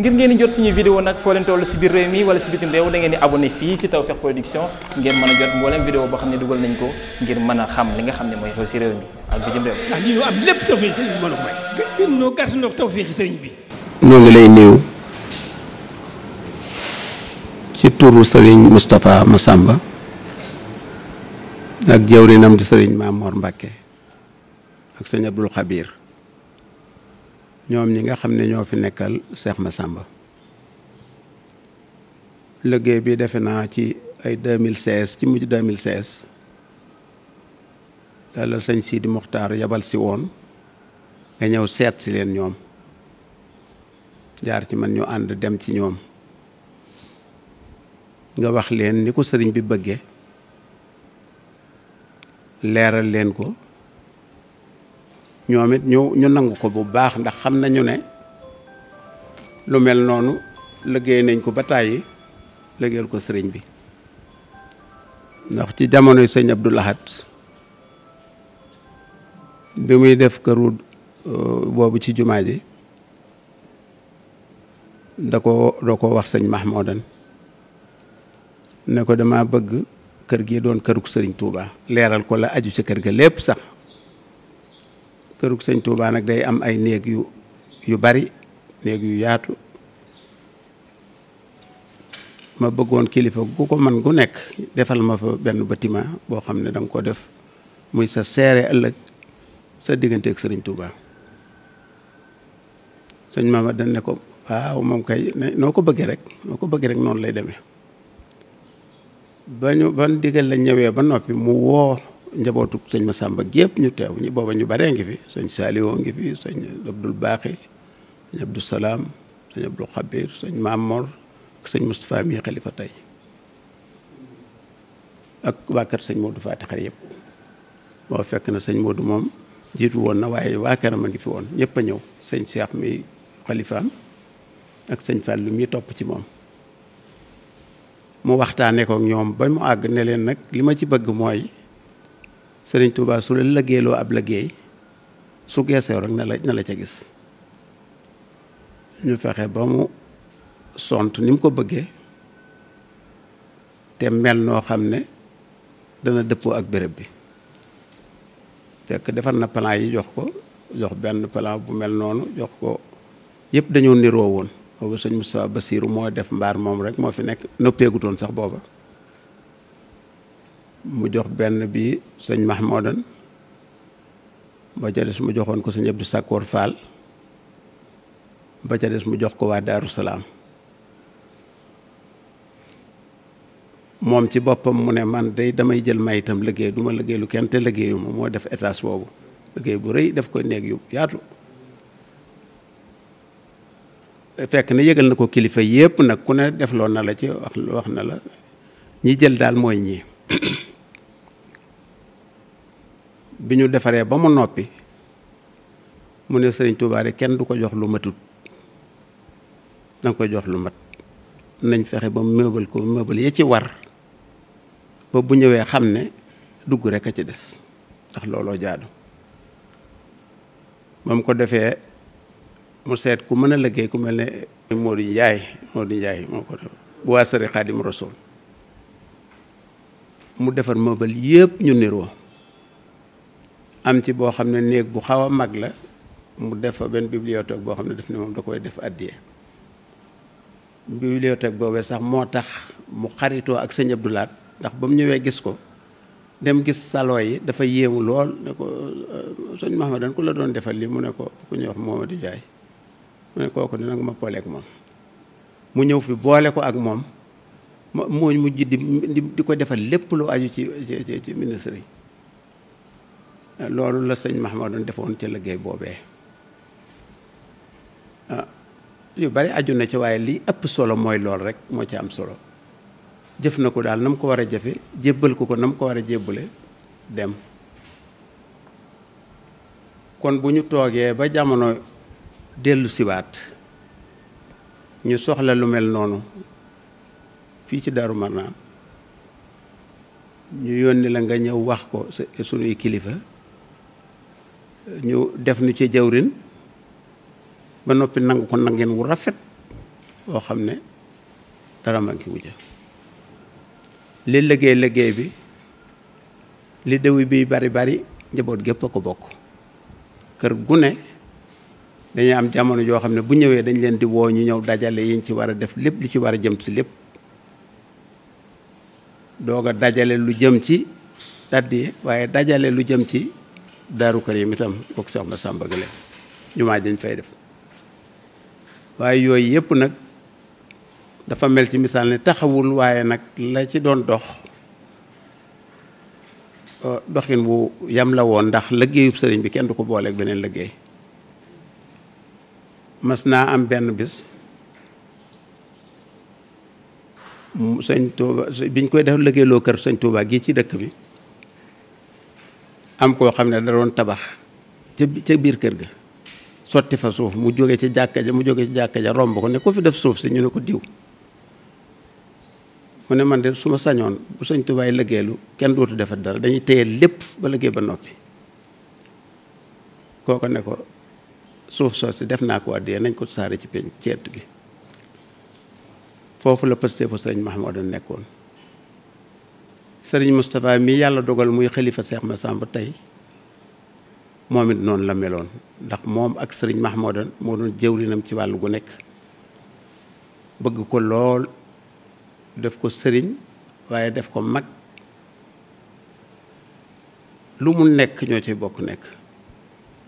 ngir ngeen jot suñu vidéo nag foo leen toll si biir réew mi wala si bitim réew da ngeen di abonné fii si Tawfekh Production ngeen mën a jot mboolem vidéo boo xam ne dugal nañ ko ngir mën a xam li nga xam ne mooy xew si réew mi ak bitim réew. ndax lii ñu am lépp tawfeex bi mën a bi. ñoo ngi lay nuyu ci turu sëriñ Moustapha sàmba ak jawrinam di sëriñ Mamour Mbacke ak sëñ Abdoul Khabir. ñoom ñi nga xam ne ñoo fi nekkal seex Cheikh sàmba liggéey bi defe naa ci ay 2016 ci mujj 2016 daal la sëñ Sidi Mokhtar yabal si woon nga ñëw seet si leen ñoom jaar ci man ñu ànd dem ci ñoom nga wax leen ni ko sëriñ bi bëggee leeral leen ko ñoom it ñu ñu nangu ko bu baax ndax xam nañu ne lu mel noonu liggéey nañ ko ba tàyyi liggéeyal ko sëriñ bi ndax ci jamonoy sëñ Abdou laxat bi muy def këru euh, boobu ci jumaa ji da ko doo ko wax sëñ Mahmoudan ne ko dama bëgg kër gi doon këruk sëriñ Touba leeral ko la aju ci kër ga lépp sax kërug sëñ Touba nag day am ay néeg yu yu bari néeg yu yaatu ma bëggoon kilifa gu ko man gu nekk defal ma fa benn bâtiment boo xam ne danga nga ko def muy sa seere ëllëg sa diggante ak sëriñ Touba sëñ ma dañ ne ko waaw moom kay noo ko bëggee rek noo ko bëggee rek noonu lay demee ba ñu ban digal la ba noppi mu woo njabootu sëñ ma sàmba gépp ñu teew ñu booba ñu baree ngi fi sëñ Saaliwoo ngi fi sëñ Abdul Baaxi sëñ Abdou Salaam sëñ Abdou Xabir sëñ Mamor ak sëñ mustafaa mi xalifa tey ak waa kër sëñ Modou Faati xar yëpp fekk na sëñ moom jiitu na waa këram a ngi fi woon ñëpp a ñëw sëñ Cheikh mi xalifaam ak sëñ Fallou mi topp ci moom mu waxtaanee ko ñoom ba mu àgg ne leen nag li ma ci bëgg mooy sëriñ Touba su la lëggeeloo ab lëggeey su geesoo rek na la na la ca gis ñu fexe ba mu sont ni mu ko bëggee te mel noo xam ne dana dëppoo ak bërëb bi fekk defar na plan yi jox ko jox benn plan bu mel noonu jox ko yëpp dañoo niroo woon boobu sëñ ba Bassirou moo def mbaar moom rek moo fi nekk noppeegutoon sax booba mu jox benn bi sëñ Mahmoudan ba ca des mu joxoon ko sëñ Abdou Sakkoor Fall ba ca mu jox ko waa Daaru Salaam moom ci boppam mu ne man day damay jël may itam liggéey duma ma liggéey lu kenn te liggéeyuma moo def étage boobu liggéey bu rëy def koy néeg yu yaatu fekk na yëgal na ko kilifa yépp nag ku ne defloo na la ci wax wax na la ñi jël daal mooy ñi bi ñu defaree ba mu noppi mu ne sëriñ Tuubaa kenn du ko jox lu matut danga ko jox lu mat nañ fexe ba mu meubal ko meubal yi ci war ba bu ñëwee xam ne dugg rek a ci des ndax looloo jaadu moom ko defee mu seet ku mën a liggéey ku mel ne Modou Ndiaye Modou Ndiaye moo ko def bu waa sëriñ Xaadim Rasuul mu defar meuble yëpp ñu niroo am ci boo xam ne néeg bu xaw a mag la mu def fa benn bibliothèque boo xam ne daf ne moom da koy def addiye bibliothèque boobee sax moo tax mu xaritoo ak sëñ Abdou ndax ba mu ñëwee gis ko dem gis salon yi dafa yéemu lool ne ko euh, sëñ Mahamadan ku la doon defal li mu ne ko ku ñuy wax Momadou Ndiaye mu ne kooku dina nga ma booleeg moom mu ñëw fi boole ko ak moom moo mujj di di ko defal lépp lu aju ci ci ci ministre loolu la sëñ Mahamadoon defoon ci liggéey boobee ah, yu bari aju na ci waaye lii ëpp solo mooy lool rek moo ci am solo jëf na ko daal na mu ko war a jafe jébbal ko ko na mu ko war a jébbale dem kon bu ñu toogee ba jamono dellu siwaat ñu soxla lu mel noonu fii ci daru Marnaan ñu yónni la nga ñëw wax ko sunuy kilifa ñu def nu ci jawrin ba noppi nangu ko nangeen wu rafet boo xam ne dara manki wuja li liggéey liggéey bi li dewi bi bari bari njaboot gépp a ko bokk kër gu ne dañuy am jamono joo xam ne bu ñëwee dañ leen di woo ñu ñëw dajale yiñ ci war a def lépp lu ci war a jëm si lépp doog dajale lu jëm ci addiye waaye dajale lu jëm ci daaru karim itam bokk soxna Sàmba Gële jumaa dañ fay def waaye yooyu yépp nag dafa mel ci misaal ni taxawul waaye nag la ci doon dox euh, doxin bu yam la woon ndax liggéeyub sëriñ bi kenn du ko booleek beneen liggéey mas naa am benn bis sëñ Touba biñ koy def lëggéeyloo kër sëñ Touba gi ci dëkk bi am koo xam ne da doon tabax ca ca biir kër gi sotti fa suuf mu jóge ci jàkka ja mu jóge ci jàkka ja romb ko ne ko fi def suuf si ñu ne ko diw mu ne man de su sañoon bu sëñ Touba yi lëggéeylu kenn dootu defar dara dañuy téye lépp ba lëggéey ba noppi kooku ne ko suuf soosi def naa ko àddee nañ ko saare ci peñ ceet bi foofu la Pastef sëriñ Mahmoudou nekkoon sëriñ Moustapha mi yàlla dogal muy xalifa Seex ma Massamba tey moom it noonu la meloon ndax moom ak sëriñ Mahmoudou moo doon jëwrinam ci wàllu gu nekk bëgg ko lool def ko sëriñ waaye def ko mag lu mu nekk ñoo ci bokk nekk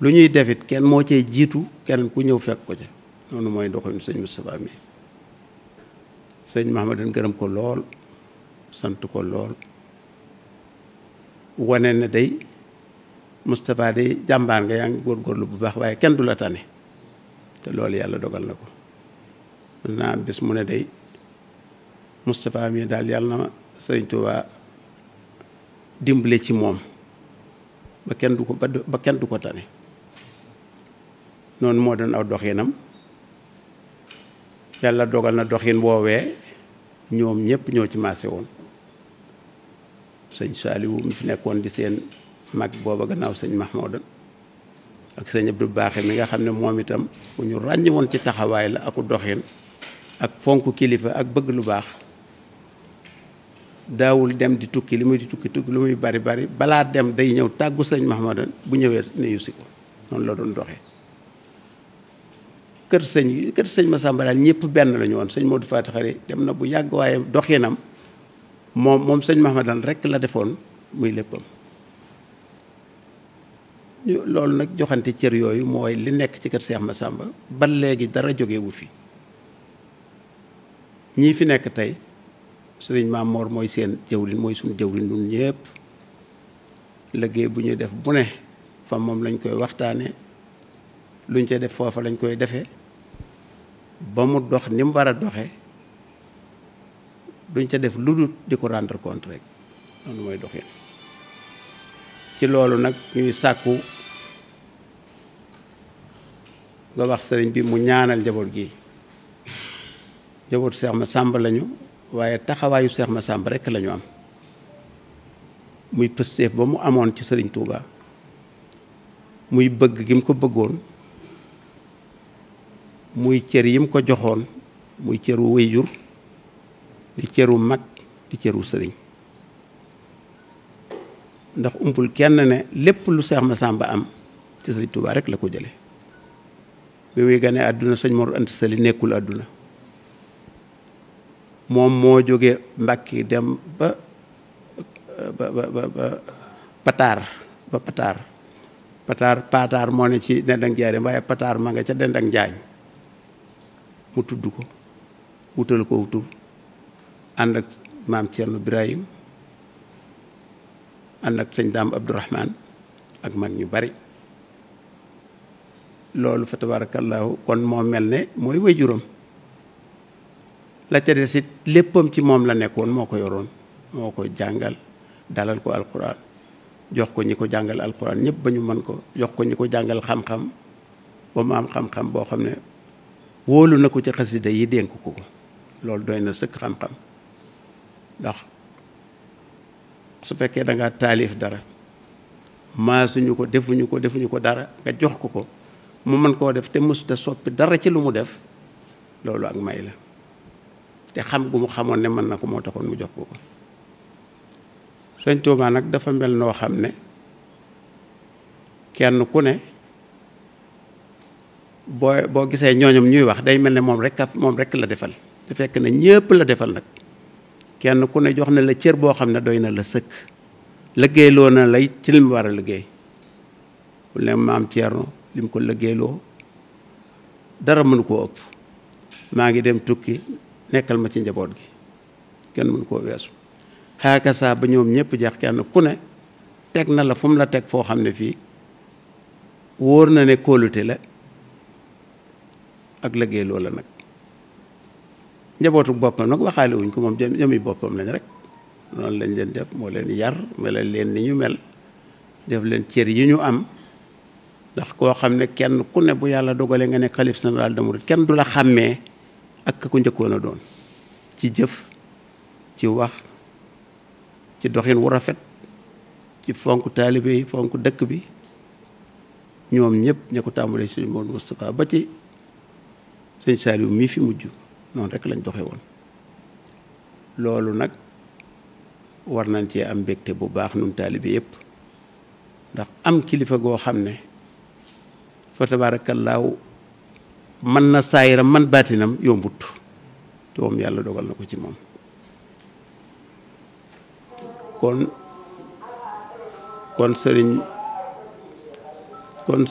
lu ñuy defit kenn moo cee jiitu kenn ku ñëw fekk ko ci noonu mooy doxalin sëñ Moustapha mi sëñ Mahamadan gërëm ko lool sant ko lool wane na day Moustapha day jàmbaar nga yaa ngi góorgóorlu bu baax waaye kenn du la tane te loolu yàlla dogal na ko mën naa bis mu ne day Moustapha mii daal yàlla na sëriñ Tuubaa dimbale ci moom ba kenn du ko ba kenn du ko tane noonu moo doon aw doxinam yàlla dogal na doxin woowee ñoom ñëpp ñoo ci maase woon sëñ Saaliwu mu fi nekkoon di seen mag booba gannaaw sëñ Mahmouda ak sëñ Abdou Baaxe mi nga xam ne moom itam ku ñu ràññ woon ci taxawaay la aku doxin ak fonk kilifa ak bëgg lu baax daawul dem di tukki li muy di tukki tukki lu muy bari bari balaa dem day ñëw tàggu sëñ Mahmouda bu ñëwee nuyu si ko noonu la doon doxee kër sëñ kër sëñ Massamba daal ñëpp benn la ñu woon sëñ Modou Faty Khary dem na bu yàgg waaye doxinam moom moom sëñ Mahamadan rekk la defoon muy léppam loolu nag joxante cër yooyu mooy li nekk ci kër Seex Massamba ba léegi dara jógewu fi ñii fi nekk tey sëriñ Maam Mor mooy seen jëwlin mooy suñ jëwlin nun ñëpp liggéey bu ñuy def bu ne fa moom lañ koy waxtaane luñ ca def foofa lañ koy defee ba mu dox ni mu war a doxe duñ ca def lu dul di ko rendre compte rek noonu mooy doxin ci loolu nag ñuy sàkku nga wax sëriñ bi mu ñaanal njaboot gi njaboot Seex Masàmba lañu waaye taxawaayu Seex ma Masàmba rekk lañu am muy pësteef ba mu amoon ci sëriñ Tuuba muy bëgg gi mu ko bëggoon muy cër yim ko joxoon muy cëru wéyjur di wu mag di wu sëriñ ndax umpul kenn ne lépp lu Seex Masamba am ci Sëriñ Tuubaa rek la ko jële bi muy gane àdduna sëñ Mor Anta Sali nekkul àdduna moom moo jóge Mbàkke dem ba ba ba ba pataar ba pataar pataar moo ne ci Dendang Jaareem waaye pataar ma nga ca Dendang Jaañ mu tudd ko wutal ko wutul ànd ak maam Thierno Birahim ànd ak sëñ daam Abdourahman ak mag ñu bari loolu fa tabaarakallaahu kon moo mel ne mooy waajuram la ca des it léppam ci moom la nekkoon moo ko yoroon moo ko jàngal dalal ko alquran jox ko ñi ko jàngal alquran ñëpp ba ñu mën ko jox ko ñi ko jàngal xam-xam ba mu am xam-xam boo xam ne wóolu na ko ci xasida yi dénk ko loolu doy na sëkk xam-xam ndax su fekkee da ngaa taalif dara maasuñu ko defuñu ko defuñu ko dara nga jox ko ko mu mën koo def te mësuta soppi dara ci lu mu def loolu ak may la te xam gu mu xamoon ne mën na ko moo taxoon mu jox ko ko sëñ Tuubaa nag dafa mel noo xam ne kenn ku ne boo boo gisee ñooñom ñuy wax day mel ne moom rek moom rek la defal te fekk na ñëpp la defal nag kenn ku ne jox na la cër boo xam ne doy na la sëkk liggéeyloo na lay ci li war a liggéey ku ne maam Thierno li mu ko liggéeyloo dara mënu koo ëpp maa ngi dem tukki nekkal ma ci njaboot gi kenn mënu koo weesu xaaka ba ñoom ñëpp jeex kenn ku ne teg na la fu la teg foo xam ne fii wóor na ne kóolute la ak liggéey la nag njabootu boppam nag waxaale wuñ ko moom jëmi boppam lañ rek noonu lañ leen def moo leen yar melal leen ni ñu mel def leen cër yi ñu am ndax koo xam ne kenn ku ne bu yàlla dogalee nga ne xalif général des mourides kenn du la xàmmee ak ka ku njëkkoon a doon ci jëf ci wax ci doxin wu rafet ci fonk taalibe fonk dëkk bi ñoom ñëpp ña ko tàmbalee si Modou ba ci sëñ Saliou mii fi mujj noonu rek lañ doxe woon loolu nag war nañ cee am mbégte bu baax nun taalibe yépp ndax am kilifa goo xam ne foto fa tabaarakallaahu mën na saayiram man baatinam yombut te moom yàlla dogal na ko ci moom kon kon sëriñ kon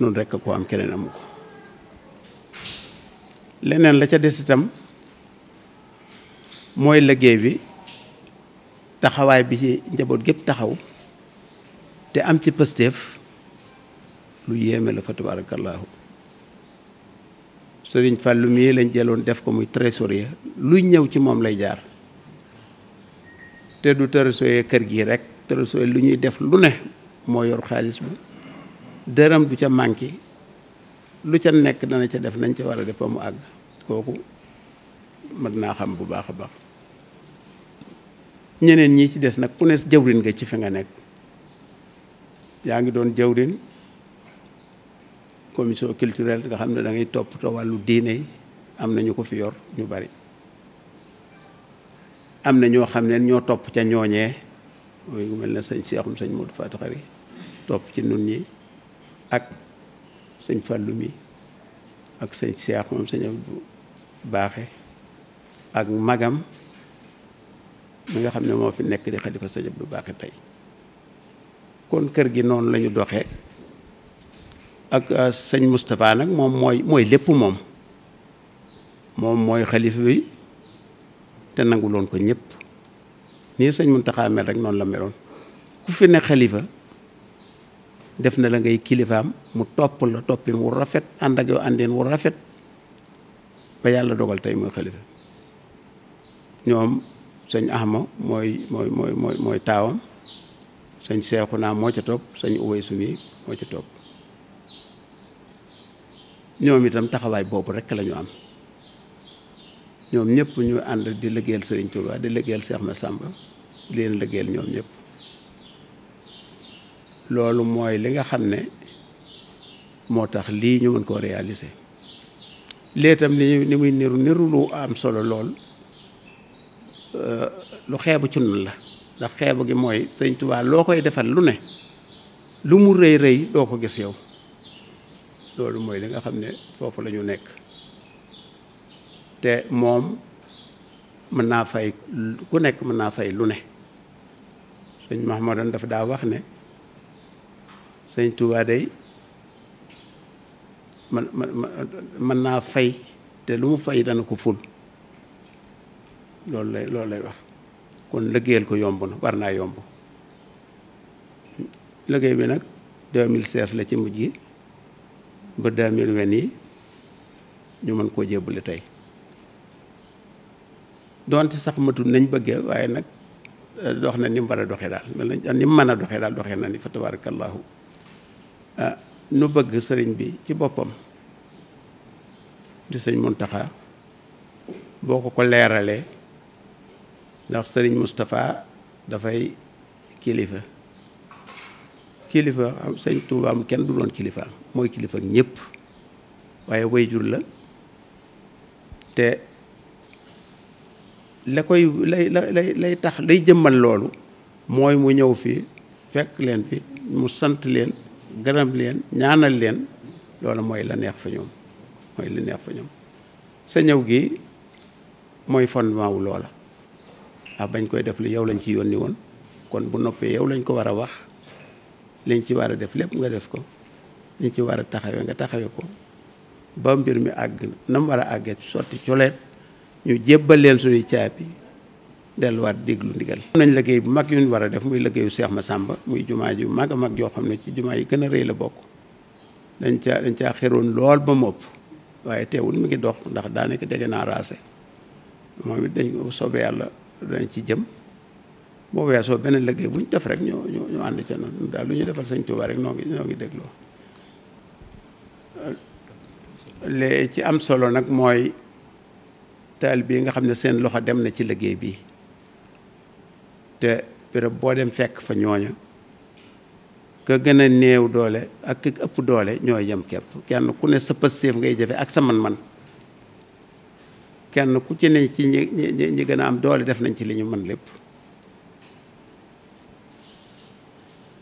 noonu rekk ko am keneen amu ko leneen la ca des itam mooy liggéey bi taxawaay bi ci njaboot gépp taxaw te am ci pësteef lu yéeme la fa tabaarakallaahu sëriñ Fàllu mii lañ jëloon def ko muy trésorier luy ñëw ci moom lay jaar te du trésorier kër gi rek trésorier lu ñuy def lu ne moo yor xaalis bi dërëm du ca manki lu ca nekk dana ca def nañ ca war a def ba mu àgg kooku mat naa xam bu baax a baax ñeneen ñi ci des nag ku ne jawrin nga ci fi nga nekk yaa ngi doon jawrin commission culturelle nga xam ne dangay ngay toppatoo wàllu diine yi am na ñu ko fi yor ñu bari am na ñoo xam ne ñoo topp ca ñooñee mooy mel na sëñ Seexum sëñ Modou Fatou Khari topp ci nut ñi ak sëñ Fallou mi ak sëñ Cheikh moom sëñ Abdou Baaxe ak magam mu nga xam ne moo fi nekk di xalifa sëñ Abdou Baaxe tey kon kër gi noonu lañu doxe ak euh, sëñ Moustapha nag moom mooy lépp moom moom mooy xalifa bi te nangu loon ko ñëpp nii sëñ Mountakha mel rek noonu la meloon ku fi ne xalifa def na la ngay kilifaam mu topp la toppin wu rafet ànd ak yow àndin wu rafet ba yàlla dogal tey mooy xalifa ñoom sëñ Axma mooy mooy mooy mooy mooy taawam sëñ Seexuna moo ca topp sëñ Uway Sumi moo ca topp ñoom itam taxawaay boobu rekk lañu am ñoom ñëpp ñu ànd di liggéeyal Sëriñ Tuubaa di liggéeyal Seex Masàmba di leen liggéeyal ñoom ñëpp loolu mooy li nga xam ne moo tax lii ñu mën koo réaliser lii itam ni muy niru niru lu am solo lool euh, lu xeebu ci nun la ndax xeebu gi mooy sëñ Tuubaa loo koy defal lu ne lu mu rëy rëy doo ko gis yow loolu mooy li nga xam ne foofu la ñu nekk te moom mën naa fay ku nekk mën naa fay lu ne sëñ Mahamadan dafa daa wax ne sëñ Touba day man man mën naa fay te lu mu fay dana ko ful loolu lay loolu lay wax kon liggéeyal ko yomb na war naa yomb liggéey bi nag 2016 la ci mujj yi ba 2020 yi ñu mën koo jébbale tey donte sax matul nañ bëggee waaye nag eh, dox na ni mu war a doxee daal mel na mu mën a doxee daal doxee na ni fa tabarakallahu ah nu bëgg sëriñ bi ci boppam di sëñ Muntaxa boo ko ko leeralee ndax sëriñ Moustapha dafay kilifa kilifa am Tuubaam kenn du doon kilifa mooy kilifa ñépp waaye wayjur la te la koy lay lay lay tax lay jëmmal loolu mooy mu ñëw fii fekk leen fi mu sant leen gërëm leen ñaanal leen loolu mooy la neex fa ñoom mooy la neex fa ñoom sa ñëw gi mooy fondement wu loola ndax bañ koy def li yow lañ ci yoon ni woon kon bu noppee yow lañ ko war a wax liñ ci war a def lépp nga def ko liñ ci war a taxawe nga taxawe ko ba mbir mi àgg na war a àggee sotti coleet ñu jébbal leen suñuy caabi delluwaat déglu ndigal am nañ liggéey bu mag yu ñu war a def muy liggéeyu Seex sàmba muy jumaa ji mag a mag yoo xam ne ci jumaa yi gën a rëy la bokk dañ caa dañ caa xeroon lool ba mu mopp waaye teewul mi ngi dox ndax daanaka dégg naa raase moom it dañ ko soobee yàlla dañ ci jëm boo weesoo beneen liggéey bu ñu def rek ñu ñu ànd ca noonu daal lu ñu defal Sëñ Tuubaa rek noo ngi noo ngi dégloo lée ci am solo nag mooy taal bii nga xam ne seen loxo dem na ci liggéey bi te béréb boo dem fekk fa ñooña ka gën a néew doole ak ki ëpp doole ñoo yem képp kenn ku ne sa pëstéef ngay jafe ak sa man-man kenn ku ci ne ci ñi gën a am doole def nañ ci li ñu man lépp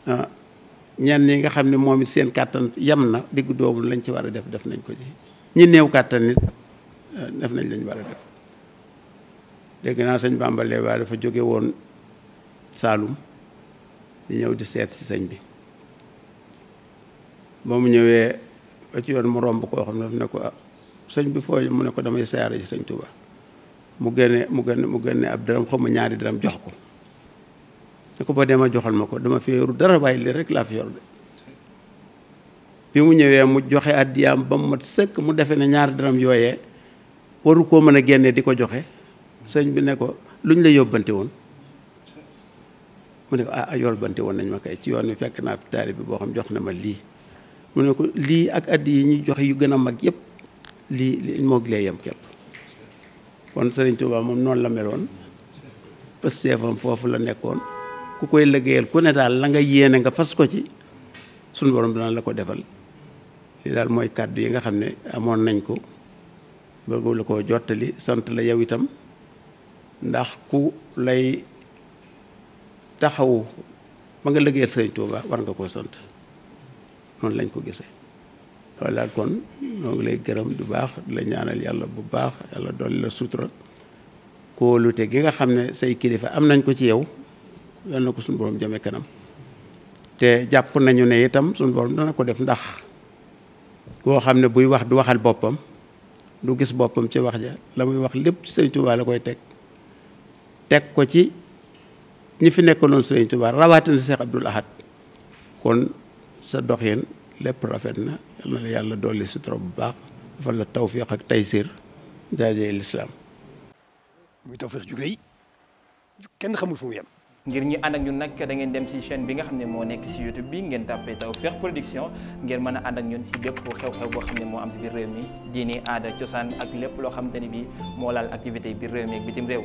ah, ñenn yi nga xam ne moom it seen kàttan yem na diggu doomu lañ ci war a def def nañ ko ci ñi néew kàttan nit ah, def nañ lañ war a def dégg naa sëñ Bàmbalee waa dafa jóge Saalum di ñëw di seet si sëñ bi ba mu ñëwee ba ci yoon mu romb koo xam ne daf ne ko ah, sëñ bi fooy mu ne ko damay siyaare ci sëñ Tuubaa mu génne mu génne mu génne ab dërëm xaw ma ñaari dërëm jox ko ne ko ba a joxal ma ko dama fi dara bàyyi li rek laa fi yor bi mu ñëwee mu joxe addiyaam ba mu mat sëkk mu defe ne ñaari dërëm yooye waru koo mën a génne di ko joxe sëñ bi ne ko luñ la yóbbante woon mu ne ko ah, ah yool bante woon nañ ma kay ci yoon wi fekk naa fi taalibe boo xam jox na ma lii mu ne ko lii ak addi yi ñuy joxe yu gën a mag yëpp lii li moog lee yem képp kon Sëriñ Tuubaa moom noonu la meloon parce seefam foofu la nekkoon ku koy liggéeyal ku ne daal la nga yéene nga fas ko ci suñu borom dana la ko defal li daal mooy kàddu yi nga xam ne amoon nañ ko bëggu la ko jottali sant la yow itam ndax ku lay taxawu ba nga liggéeyal sëriñ Touba war nga koo sant noonu lañ ko gisee walla kon ñoo lay gërëm du baax di la ñaanal yàlla bu baax yàlla dolli la sutura te gi nga xam ne say kilifa am nañ ko ci yow yal na ko suñu borom jëme kanam te jàpp nañu ne itam suñu borom dana ko def ndax koo xam ne buy wax du waxal boppam du gis boppam ci wax ja la muy wax lépp sëriñ Touba la koy teg teg ko ci ñi fi nekkaloon Sëriñ Tuubaa rawatina Cheikh Abdoul Ahad kon sa doxin lépp rafet na yal na la yàlla dolli sutura bu baax dafa la tawfiq ak taysir jaajëye lislaam muy tawfiq ju rëy kenn xamul fu mu yem ngir ñi ànd ak ñun nag da ngeen dem ci chaîne bi nga xam ne moo nekk si YouTube bi ngeen tàppee Tawfekh Production ngeen mën a ànd ak ñun ci bépp xew-xew boo xam ne moo am ci biir réew mi diini aada cosaan ak lépp loo xamante ni bi moo laal activité biir réew mi ak bitim réew